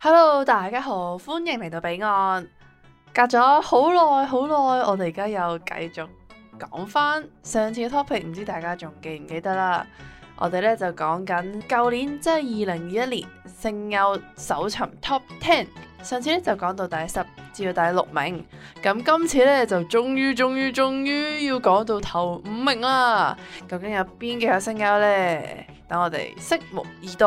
Hello，大家好，歡迎嚟到彼岸。隔咗好耐好耐，我哋而家又繼續講翻上次嘅 topic，唔知大家仲記唔記得啦？我哋咧就講緊舊年即係二零二一年聖優搜尋 top ten，上次咧就講到第十至到第六名，咁今次咧就終於終於終於要講到頭五名啦。究竟有邊幾台聖優咧？等我哋拭目以待。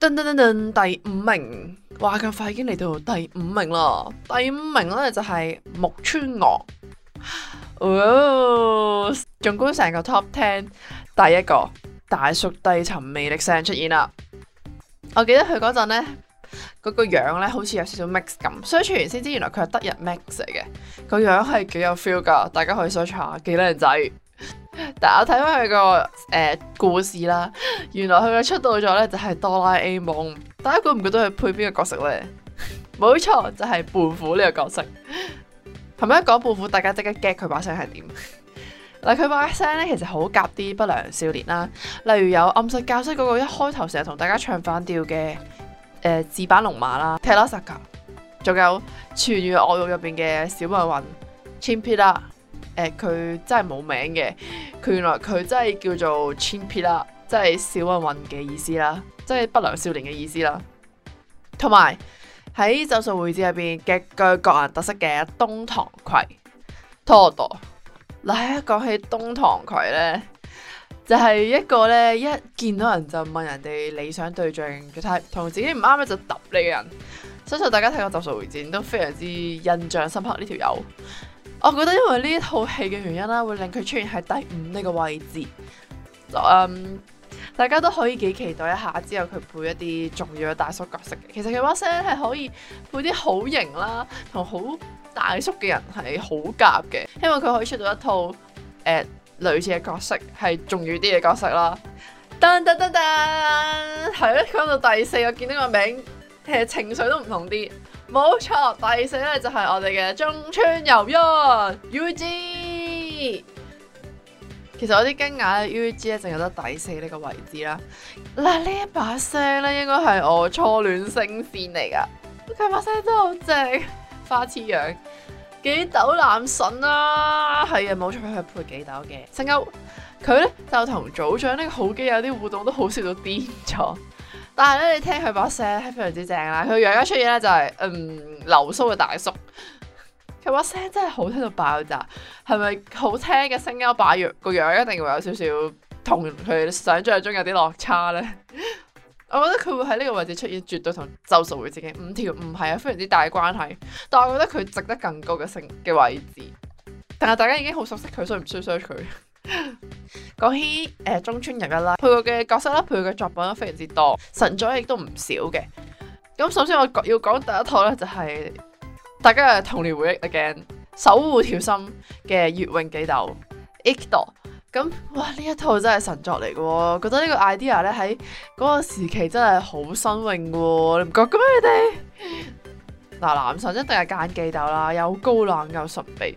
噔噔噔噔，第五名，話咁快已經嚟到第五名啦！第五名咧就係木村昴。哇、哦，縱觀成個 Top Ten，第一個大叔低沉魅力聲出現啦！我記得佢嗰陣咧，嗰、那個樣咧好似有少少 mix 咁，search 完先知原來佢係德日 mix 嚟嘅，個樣係幾有 feel 噶大家可以 search 下幾靚仔。但我睇翻佢個誒故事啦，原來佢嘅出道咗呢就係哆啦 A 夢，大家估唔估到佢配邊個角色呢？冇 錯，就係胖虎呢個角色。頭 一講胖虎，大家即刻 get 佢把聲係點？嗱，佢把聲呢其實好夾啲不良少年啦，例如有暗殺教室嗰個一開頭成日同大家唱反調嘅誒，寺坂龍馬啦 Terasaka，仲有《犬與惡肉》入邊嘅小混混 Chimp 啦。誒，佢、欸、真係冇名嘅，佢原來佢真係叫做 Chinpira 啦，即係小混混嘅意思啦，即係不良少年嘅意思啦。同埋喺《咒術迴戰》入邊極具個人特色嘅東堂葵，多多。嗱，一講起東堂葵呢，就係、是、一個呢，一見到人就問人哋理想對象，嘅類型同自己唔啱咧就揼你嘅人。相信大家睇過《咒術迴戰》都非常之印象深刻呢條友。我覺得因為呢一套戲嘅原因啦、啊，會令佢出現喺第五呢個位置。嗯、so, um, 大家都可以幾期待一下，之後佢配一啲重要嘅大叔角色嘅。其實佢把聲係可以配啲好型啦，同好大叔嘅人係好夾嘅，希望佢可以出到一套誒類似嘅角色，係重要啲嘅角色啦。噔噔噔噔，係囉，講到第四，我見到個名，其實情緒都唔同啲。冇錯，第四咧就係、是、我哋嘅中村悠一 u g 其實我啲驚訝 u g 咧淨有得第四呢個位置啦。嗱、啊，呢一把聲咧，應該係我初戀星線聲線嚟噶，佢把聲真係好正，花痴樣幾斗男神啊！係啊，冇錯，佢係配幾斗嘅。成日佢咧就同組長呢個好基友啲互動都好笑到癲咗。但係咧，你聽佢把聲係非常之正啦。佢樣一出現咧就係、是，嗯，流蘇嘅大叔。佢把聲真係好聽到爆炸，係咪好聽嘅聲音擺樣個樣一定會有少少同佢想象中有啲落差咧？我覺得佢會喺呢個位置出現，絕對同周淑慧自己五條唔係啊，非常之大嘅關係。但係我覺得佢值得更高嘅聲嘅位置。但係大家已經好熟悉佢，所以唔需要識佢？講起誒、呃、中村悠一啦，配過嘅角色啦，配過嘅作品都非常之多，神作亦都唔少嘅。咁首先我要講第一套咧，就係、是、大家嘅童年回憶 again，守護甜心嘅月詠幾斗 Ikuto。咁哇呢一套真係神作嚟嘅，哦，覺得個，呢個 idea 咧喺嗰個時期真係好新穎嘅，哦，你唔覺噶咩？你哋嗱男神一定係揀幾斗啦，又高冷又神秘。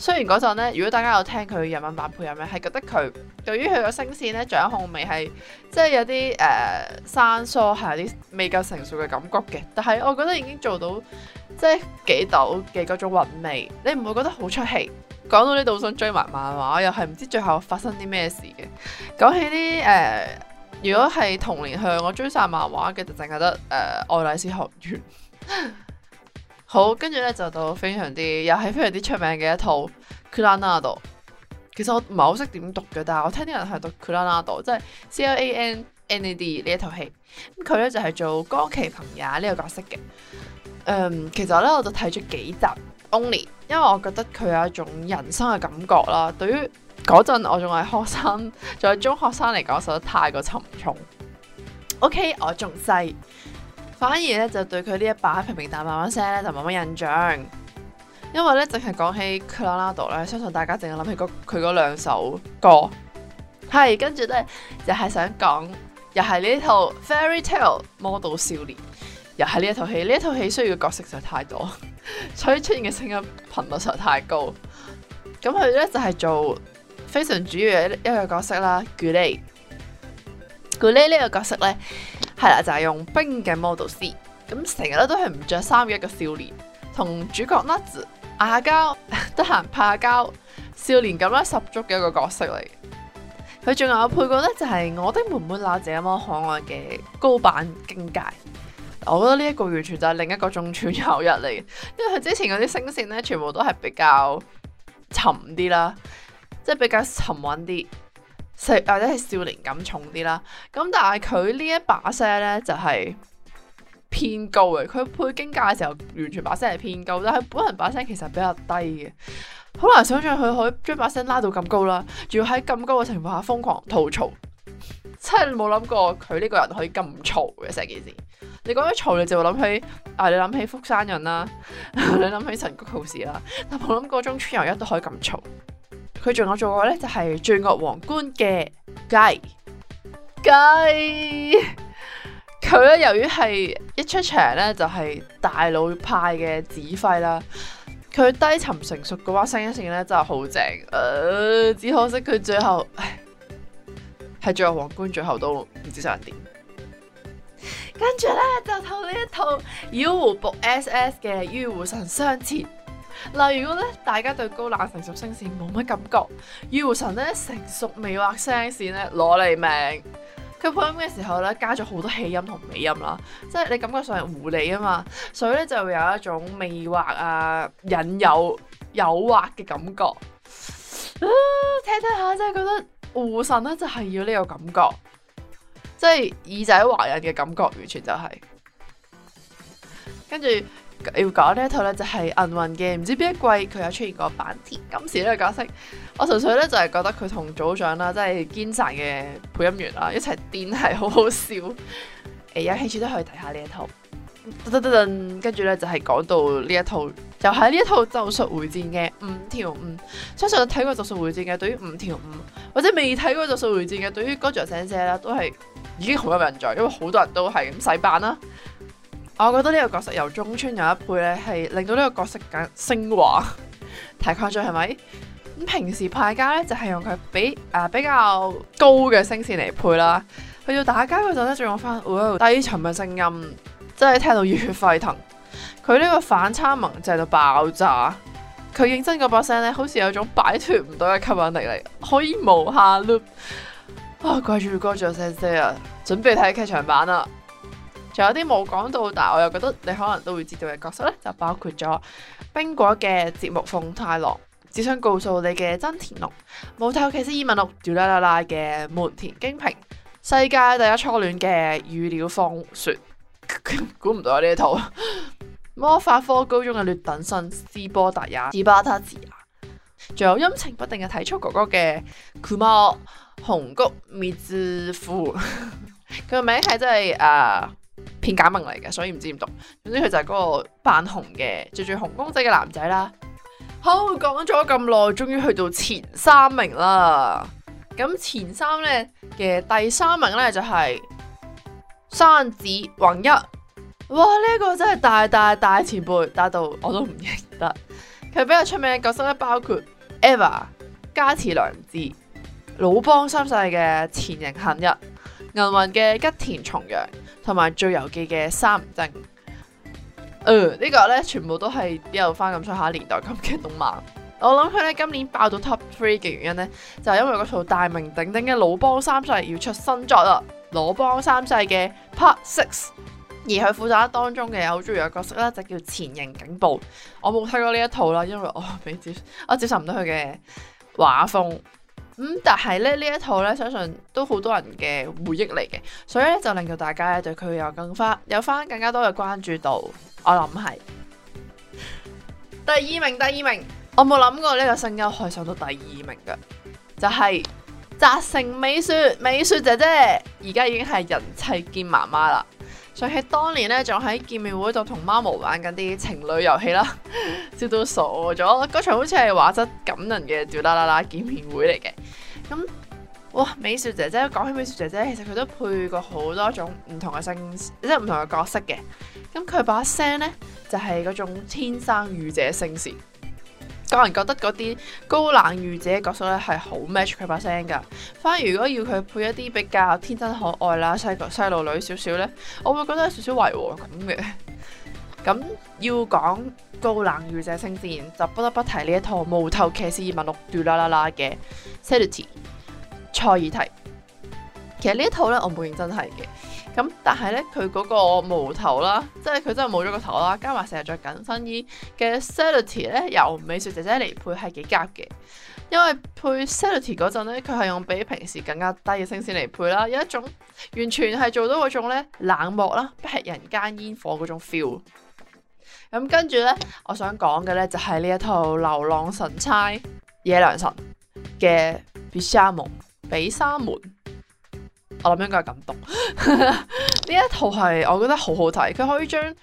雖然嗰陣咧，如果大家有聽佢日文版配音咧，係覺得佢對於佢個聲線咧掌控未係，即係有啲誒、呃、生疏，係有啲未夠成熟嘅感覺嘅。但係我覺得已經做到即係幾竇嘅嗰種韻味，你唔會覺得好出戲。講到呢度想追埋漫畫，又係唔知最後發生啲咩事嘅。講起呢誒、呃，如果係童年向我追晒漫畫嘅，就淨係得誒愛麗絲學院。 好，跟住咧就到非常啲，又係非常啲出名嘅一套《クラナド》。其實我唔係好識點讀嘅，但係我聽啲人係讀《クラナド》，即係《C L A N N A D》呢一套戲。咁佢咧就係、是、做岡崎朋也呢個角色嘅。嗯，其實咧我就睇咗幾集《Only》，因為我覺得佢有一種人生嘅感覺啦。對於嗰陣我仲係學生，仲係中學生嚟講，實在太過沉重。OK，我仲細。反而咧就對佢呢一把平平淡淡聲咧就冇乜印象，因為咧淨係講起克拉拉度咧，相信大家淨係諗起佢嗰兩首歌，係跟住咧就係想講，又係呢一套《Fairytale 魔導少年》，又係呢一套戲。呢一套戲需要嘅角色實在太多， 所以出現嘅聲音頻率實在太高。咁佢咧就係、是、做非常主要嘅一個角色啦，Gray。Gray 呢個角色咧。係啦，就係、是、用冰嘅 model 師，咁成日咧都係唔着衫嘅一個少年，同主角 nuts 嗌交，au， 得閒拍下交，少年感啦十足嘅一個角色嚟。佢仲有個配角咧，就係、是、我的妹妹哪有咁可愛嘅高坂京介。我覺得呢一個完全就係另一個中村悠一嚟，因為佢之前嗰啲聲線咧，全部都係比較沉啲啦，即係比較沉穩啲。或者係少年感重啲啦，咁但係佢呢一把聲咧就係、是、偏高嘅。佢配京介嘅時候完全把聲係偏高，但係本人把聲其實比較低嘅，好難想象佢可以將把聲拉到咁高啦，仲要喺咁高嘅情況下瘋狂吐槽，真係冇諗過佢呢個人可以咁嘈嘅成件事。你講起嘈，你就會諗起啊，你諗起福山人福山潤啦、啊， 你諗起神谷浩史啦、啊，但冇諗過中村悠一都可以咁嘈。佢仲有做過咧，就係罪惡王冠嘅雞雞，佢咧 由於係一出場咧就係、是、大佬派嘅指揮啦，佢低沉成熟嗰把聲音性咧真係好正，只可惜佢最後係罪惡王冠最後都唔知想點， 跟住咧就套呢一套妖狐僕 S S 嘅御狐神雙熾。嗱，例如果咧大家對高冷成熟聲線冇乜感覺，妖神咧成熟魅惑聲線咧攞你命。佢配音嘅時候咧加咗好多氣音同尾音啦，即係你感覺上係狐狸啊嘛，所以咧就會有一種魅惑啊、引誘、誘惑嘅感覺。啊，聽聽下真係覺得妖神咧就係要呢個感覺，即係耳仔滑人嘅感覺完全就係、是，跟住。要講呢一套咧就係《銀魂》嘅，唔知邊一季佢有出現過坂田金時呢個角色。我純粹咧就係覺得佢同組長啦，即係堅曬嘅配音員啊，一齊癲係好好笑。誒、欸、有興趣都可以睇下呢一套。噔噔噔，跟住咧就係講到呢一套，就係、是、呢一套5 5《咒術回戰》嘅五條悟。相信睇過《咒術回戰》嘅，對於五條悟，或者未睇過《咒術回戰》嘅，對於《歌爵聲聲》啦，都係已經好有印象，因為好多人都係咁洗版啦。我覺得呢個角色由中村悠一配咧，係令到呢個角色更升華， 太誇張係咪？咁平時派家咧就係、是、用佢比誒、呃、比較高嘅聲線嚟配啦，去到打交嗰陣咧仲用翻、哦、低沉嘅聲音，真係聽到熱血沸騰。佢呢個反差萌正到爆炸，佢認真嗰把聲咧好似有種擺脫唔到嘅吸引力，嚟，可以無限 loop。啊，跪住哥，仲有 e n 啊！準備睇劇場版啦～仲有啲冇講到，但係我又覺得你可能都會知道嘅角色咧，就包括咗冰果嘅折木奉太郎，只想告訴你嘅真田龍，無頭騎士異聞錄嘟啦啦啦嘅門田京平，世界第一初戀嘅羽鳥芳雪，估唔 到啊！呢一套 魔法科高中嘅劣等生司波達也，司波達也仲有陰晴不定嘅體操哥哥嘅酷貓熊谷滅之夫，佢 個名係真係啊～、呃片假名嚟嘅，所以唔知點讀。總之佢就係嗰個扮熊嘅、著住熊公仔嘅男仔啦。好，講咗咁耐，終於去到前三名啦。咁前三呢嘅第三名呢，就係、是、山寺宏一。哇！呢、這、一個真係大大大前輩，大到我都唔認得。佢比較出名嘅角色咧，包括 EVA 加持良治、魯邦三世嘅錢形幸一、銀魂嘅吉田松陽。同埋《最遊記》嘅三唔正，嗯、這個、呢個咧全部都係有翻咁上下年代咁嘅動漫。我諗佢咧今年爆到 Top Three 嘅原因咧，就係、是、因為嗰套大名鼎鼎嘅《魯邦三世》要出新作啦，《魯邦三世》嘅 Part Six，而佢負責當中嘅好重要角色咧就是、叫錢形警部。我冇睇過呢一套啦，因為我未接，我接受唔到佢嘅畫風。咁、嗯、但係咧呢一套咧，相信都好多人嘅回憶嚟嘅，所以咧就令到大家咧對佢有更翻有翻更加多嘅關注度。我諗係第二名，第二名，我冇諗過呢個聲音可以上到第二名嘅，就係、是、澤城美雪美雪姐姐，而家已經係人妻兼媽媽啦。想起當年咧，仲喺見面會度同貓毛玩緊啲情侶遊戲啦，笑到傻咗。嗰場好似係畫質感人嘅屌啦啦啦見面會嚟嘅。咁、嗯、哇，美雪姐姐講起美雪姐姐，其實佢都配過好多種唔同嘅聲，即係唔同嘅角色嘅。咁佢把聲呢，就係、是、嗰種天生御姐聲線，個人覺得嗰啲高冷御姐嘅角色咧係好 match 佢把聲噶。反而如果要佢配一啲比較天真可愛啦細個細路女少少呢，我會覺得有少少違和咁嘅。咁要講高冷御姐聲線，就不得不提呢一套《無頭騎士異聞錄嘟啦啦啦》嘅 Celty 賽爾提。其實呢一套咧，我冇認真睇嘅。咁但係咧，佢嗰個無頭啦，即係佢真係冇咗個頭啦，加埋成日着緊身衣嘅 Celty 咧，由美雪姐姐嚟配係幾夾嘅。因為配 Celty 嗰陣咧，佢係用比平時更加低嘅聲線嚟配啦，有一種完全係做到嗰種咧冷漠啦，不食人間煙火嗰種 feel。咁跟住咧，我想講嘅咧就係呢一套《流浪神差野良神》嘅 Bishamon 比沙門。我諗應該係咁讀呢一套，係我覺得好好睇。佢可以將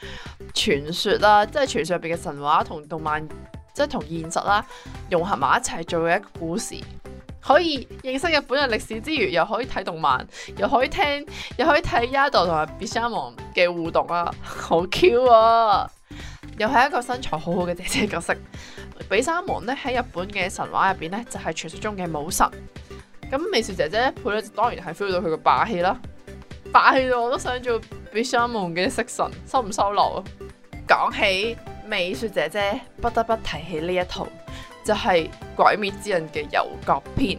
傳說啦，即係傳說入邊嘅神話同動漫，即係同現實啦融合埋一齊做一個故事，可以認識日本嘅歷史之餘，又可以睇動漫，又可以聽，又可以睇 Yato 同埋 Bishamon 嘅互動啦，好 Q 啊！又係一個身材好好嘅姐姐角色，比毘沙門咧喺日本嘅神話入邊咧就係傳說中嘅武神。咁美雪姐姐配咧當然係 feel 到佢嘅霸氣啦，霸氣到我都想做比毘沙門嘅色神，收唔收留啊？講起美雪姐姐，不得不提起呢一套，就係《鬼滅之刃》嘅遊郭篇。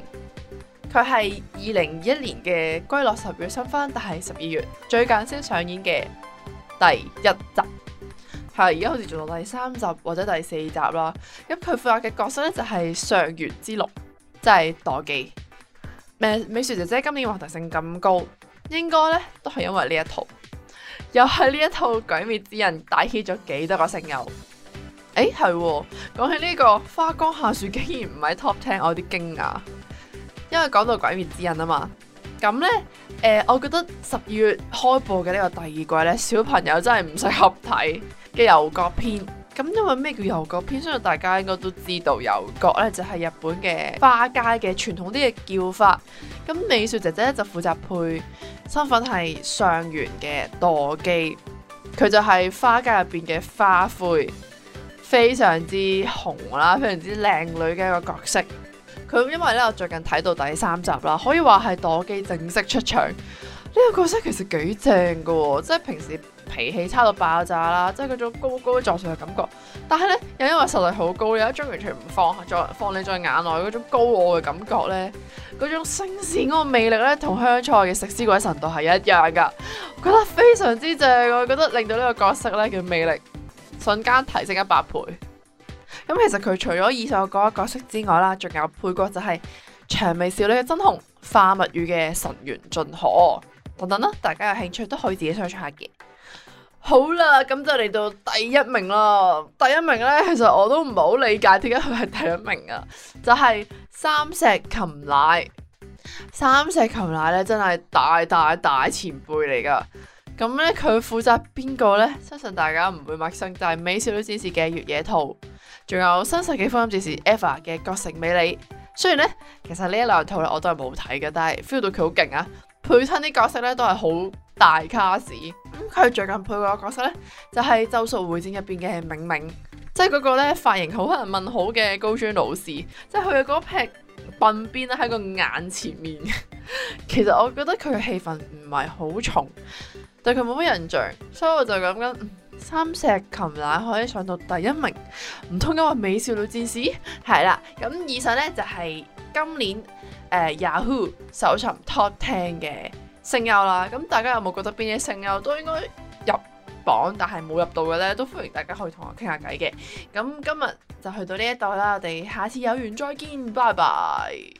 佢係二零二一年嘅歸落十月新番，但係十二月最近先上演嘅第一集。係而家好似做到第三集或者第四集啦。咁佢負責嘅角色咧就係上弦之六，即係墮姬美美雪姐姐。今年話題性咁高，應該咧都係因為呢一套又係呢一套《鬼滅之刃》帶起咗幾多個聲優誒，係、欸、講、哦、起呢、這個花江夏樹》，竟然唔喺 top ten，我有啲驚訝，因為講到《鬼滅之刃》啊嘛。咁咧誒，我覺得十二月開播嘅呢個第二季咧，小朋友真係唔適合睇。嘅遊郭篇，咁因為咩叫遊郭篇，相信大家應該都知道。遊郭咧就係日本嘅花街嘅傳統啲嘅叫法。咁美雪姐姐咧就負責配身，身份係上弦嘅墮姬，佢就係花街入邊嘅花魁，非常之紅啦，非常之靚女嘅一個角色。佢因為咧我最近睇到第三集啦，可以話係墮姬正式出場。呢個角色其實幾正噶、哦，即係平時脾氣差到爆炸啦，即係嗰種高高在上嘅感覺。但係呢，又因為實力好高，有一種完全唔放在放你在眼內嗰種高傲嘅感覺，呢嗰種聲線嗰個魅力呢，同香菜嘅食屍鬼神道係一樣噶，覺得非常之正。我覺得令到呢個角色呢，嘅魅力瞬間提升一百倍。咁其實佢除咗以上嗰個角色之外啦，仲有配角就係薔薇少女嘅真紅、化物語嘅神原駿河。等等啦，大家有興趣都可以自己嘗試下嘅。好啦，咁就嚟到第一名啦。第一名呢，其實我都唔係好理解點解佢係第一名啊。就係、是、三石琴乃。三石琴乃呢，真係大大大前輩嚟噶。咁、嗯、呢，佢負責邊個呢？相信大家唔會陌生，就係《美少女戰士》嘅月野兔，仲有《新世紀福音戰士》EVA 嘅葛城美里。雖然呢，其實呢一兩套咧我都係冇睇嘅，但係 feel 到佢好勁啊！配親啲角色咧都係好大卡士。咁佢最近配個角色咧就係《咒術回戰》入邊嘅冥冥，即係嗰個咧髮型好可能問好嘅高專老師，即係佢嘅嗰撇鬢邊咧喺個眼前面。 其實我覺得佢嘅戲份唔係好重，對佢冇乜印象，所以我就諗緊、嗯、三石琴乃可以上到第一名，唔通因為美少女戰士係啦？咁 以上咧就係、是、今年。Uh, Yahoo 搜尋 top ten 嘅聲優啦，咁大家有冇覺得邊啲聲優都應該入榜，但係冇入到嘅呢？都歡迎大家可以同我傾下偈嘅。咁今日就去到呢一度啦，我哋下次有緣再見，拜拜。